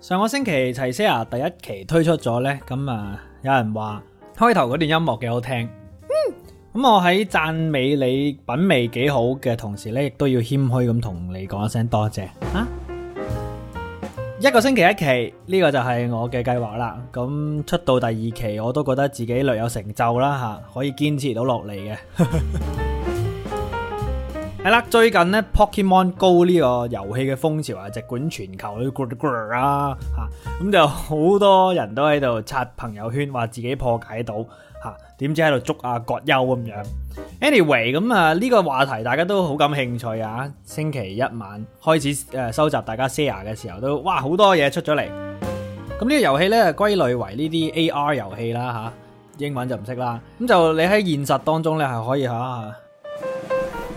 上個星期齊西亞第一期推出咗呢。咁啊有人話開頭嗰段音樂幾好聽，咁、嗯、我喺讚美你品味幾好嘅同時呢，亦都要謙虛咁同你講一聲多謝、啊。一個星期一期，呢個就係我嘅計劃啦。咁出到第二期，我都覺得自己略有成就啦吓，可以堅持到落嚟嘅。 係啦，最近咧 Pokemon Go 呢個遊戲嘅風潮啊，直管全球去 grow grow 啦，吓，咁就好多人都喺度刷朋友圈，話自己破解到，吓，點知喺度捉阿葛優咁樣。Anyway，咁啊呢個話題大家都好感興趣啊。星期一晚開始誒收集大家 share 嘅時候都，都哇好多嘢出咗嚟。咁、這、呢個遊戲咧歸類為呢啲 AR 遊戲啦，吓英文就唔識啦。咁就你喺現實當中咧係可以吓。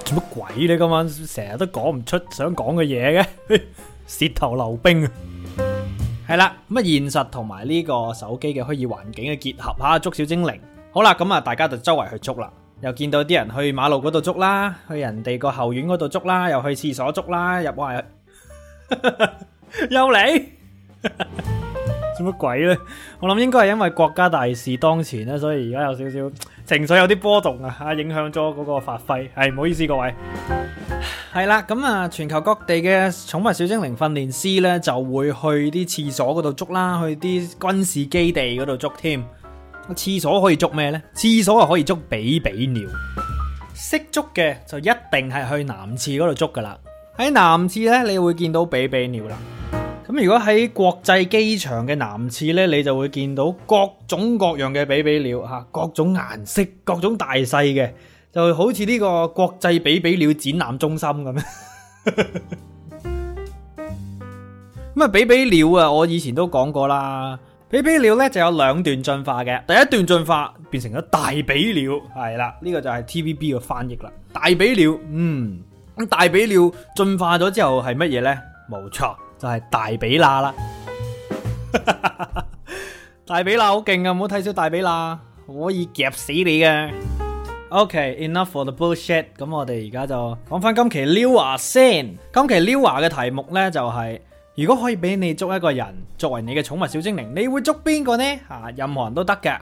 做乜鬼咧？你今晚成日都講唔出想講嘅嘢嘅，舌頭溜冰啊！係啦，咁啊現實同埋呢個手機嘅虛擬環境嘅結合啊，捉小精靈。好啦，咁啊大家就周圍去捉啦，又見到啲人去馬路嗰度捉啦，去人哋個後院嗰度捉啦，又去廁所捉啦，入埋，又嚟。做乜鬼咧？我諗應該係因為國家大事當前咧，所以而家有少少。情緒有啲波動啊，嚇影響咗嗰個發揮，係，唔好意思各位。係啦，咁啊，全球各地嘅寵物小精靈訓練師咧就會去啲廁所嗰度捉啦，去啲軍事基地嗰度捉添。廁所可以捉咩咧？廁所係可以捉比比鳥。識捉嘅就一定係去男廁嗰度捉㗎啦。喺男廁咧，你會見到比比鳥啦。咁如果喺國際機場嘅南次呢，你就會見到各種各樣嘅比比鳥吓，各種顏色、各種大細嘅，就好似呢個國際比比鳥展覽中心咁。咁啊，比比鳥啊，我以前都講過啦。比比鳥呢就有兩段進化嘅，第一段進化變成咗大比鳥，係啦，呢個就係 TVB 嘅翻譯啦。大比鳥，嗯，咁大比鳥進化咗之後係乜嘢呢？冇錯。就係、是、大比娜啦， 大比娜好勁啊！唔好睇小大比娜，可以夾死你嘅。OK，enough、okay, for the bullshit。咁我哋而家就講返今期 Lewa 先。今期 Lewa 嘅題目呢，就係、是，如果可以俾你捉一個人作為你嘅寵物小精靈，你會捉邊個呢？啊，任何人都得嘅。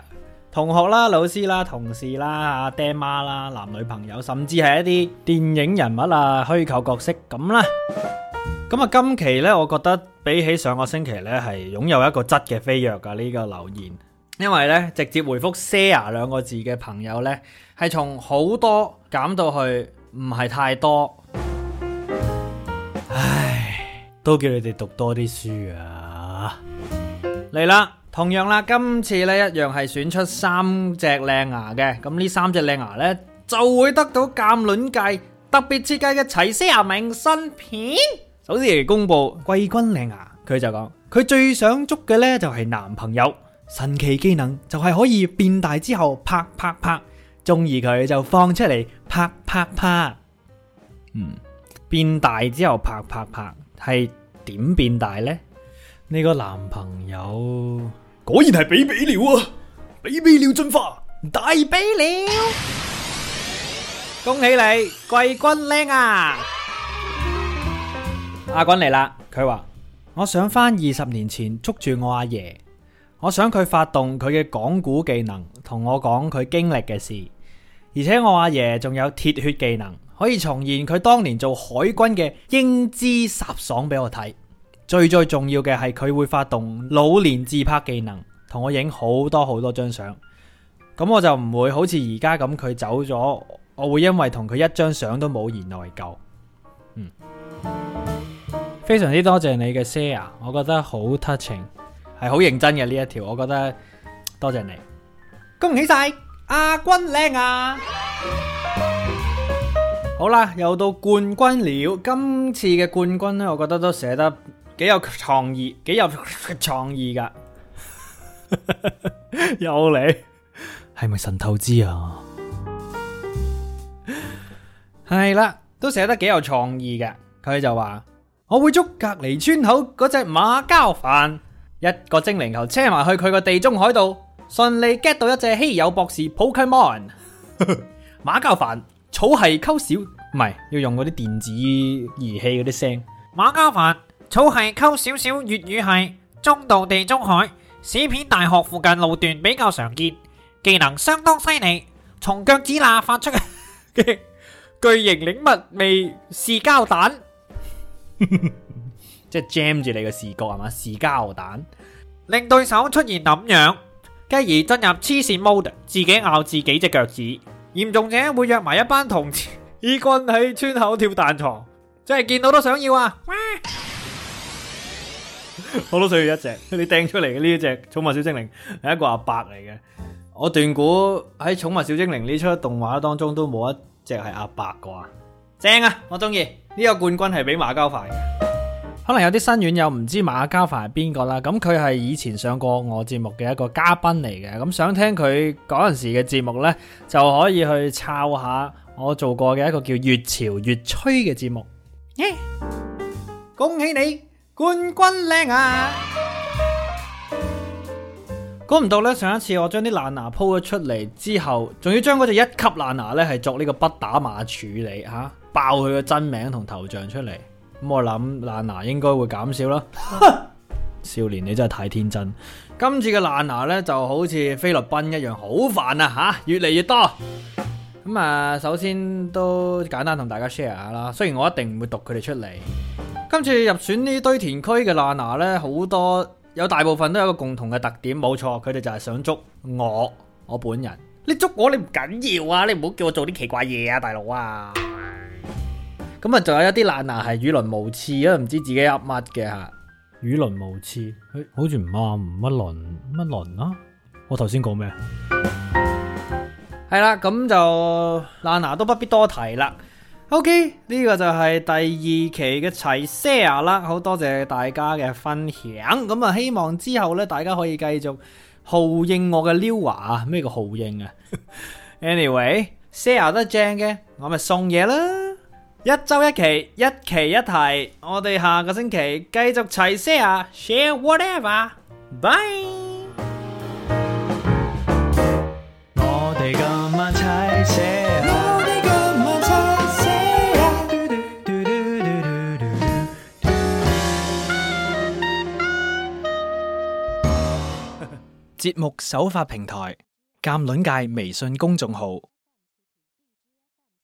同學啦、老師啦、同事啦、阿爹媽啦、男女朋友，甚至係一啲電影人物啊、虛構角色咁啦。咁啊，今期呢，我覺得比起上個星期呢，係擁有一個質嘅飛躍㗎。呢個留言，因為呢直接回覆 share 兩個字嘅朋友呢，係從好多減到去唔係太多。唉，都叫你哋讀多啲書啊！嚟啦。同樣啦，今次咧一樣係選出三隻靚牙嘅，咁呢三隻靚牙呢，就會得到鑒卵界特別設計嘅齊思亞明信片。首先嚟公布季軍靚牙，佢就講佢最想捉嘅呢，就係男朋友，神奇技能就係可以變大之後拍拍拍，中意佢就放出嚟拍拍拍。嗯，變大之後拍拍拍係點變大呢？呢、這個男朋友。果然係比比鳥啊！比比鳥進化，大比鳥！恭喜你，貴軍靚啊！阿軍嚟啦，佢話，我想返二十年前捉住我阿爺，我想佢發動佢嘅講古技能，同我講佢經歷嘅事，而且我阿爺仲有鐵血技能，可以重現佢當年做海軍嘅英姿颯爽俾我睇。最最重要嘅係佢會發動老年自拍技能，同我影好多好多張相。咁我就唔會好似而家咁，佢走咗，我會因為同佢一張相都冇而內疚。嗯， 非常之多謝你嘅 share，我覺得好 touching，係好認真嘅呢一條，我覺得多謝，謝你，恭喜晒阿君靚啊！ 好啦，又到冠軍了，今次嘅冠軍呢，我覺得都寫得。幾有創意，幾有創意噶， 有你，係咪神透支啊？係 啦，都寫得幾有創意嘅。佢就話我會捉隔籬村口嗰隻馬膠飯一個精靈球，車埋去佢個地中海度，順利 get 到一隻稀有博士 Pokemon 馬膠飯。草係溝少，唔係，要用嗰啲電子儀器嗰啲聲馬膠飯。草係溝少少，粵語係中度地中海史片大學附近路段比較常見，技能相當犀利，從腳趾罅發出嘅巨型禮物味試膠彈，即係 jam 住你嘅視覺係嘛，試膠彈令對手出現諗樣，繼而進入黐線 mode，自己咬自己隻腳趾，嚴重者會約埋一班同志衣軍喺村口跳彈床，真係見到都想要啊！ 我都想要一隻，你掟出嚟嘅呢一隻寵物小精靈係一個阿伯嚟嘅。我斷估喺寵物小精靈呢出動畫當中都冇一隻係阿伯啩。正啊，我中意呢個冠軍係俾馬嘉凡嘅。可能有啲新院友唔知馬嘉凡係邊個啦，咁佢係以前上過我節目嘅一個嘉賓嚟嘅。咁想聽佢嗰陣時嘅節目呢，就可以去抄下我做過嘅一個叫越潮越吹嘅節目。 恭喜你！冠軍靚啊！估唔到咧，上一次我將啲爛牙鋪咗出嚟之後，仲要將嗰隻一級爛牙咧係作呢個不打碼處理吓，爆佢個真名同頭像出嚟。咁我諗爛牙應該會減少啦。 少年你真係太天真。今次嘅爛牙咧就好似菲律賓一樣，好煩啊吓、啊，越嚟越多。咁啊，首先都簡單同大家 share 下啦。雖然我一定唔會讀佢哋出嚟。今次入選呢堆填區嘅爛拿呢，好多有大部分都有個共同嘅特點，冇錯，佢哋就係想捉我，我本人，你捉我你唔緊要啊，你唔好叫我做啲奇怪嘢啊，大佬啊！咁啊，仲 有一啲爛拿係語倫無次啊，唔知自己噏乜嘅吓，語倫無次，欸，好似唔啱，乜倫乜倫啊？我頭先講咩？係啦，咁就爛拿都不必多提啦。O K，呢個就係第二期嘅齊 share 啦，好多謝大家嘅分享。咁啊，希望之後呢，大家可以繼續號應我嘅撩話啊。咩叫號應啊？Anyway，share 得正嘅，我咪送嘢啦。一周一期，一期一題，我哋下個星期繼續齊 share share whatever。Bye。我哋今晚齊 share。節目首發平台：鑒論界微信公眾號。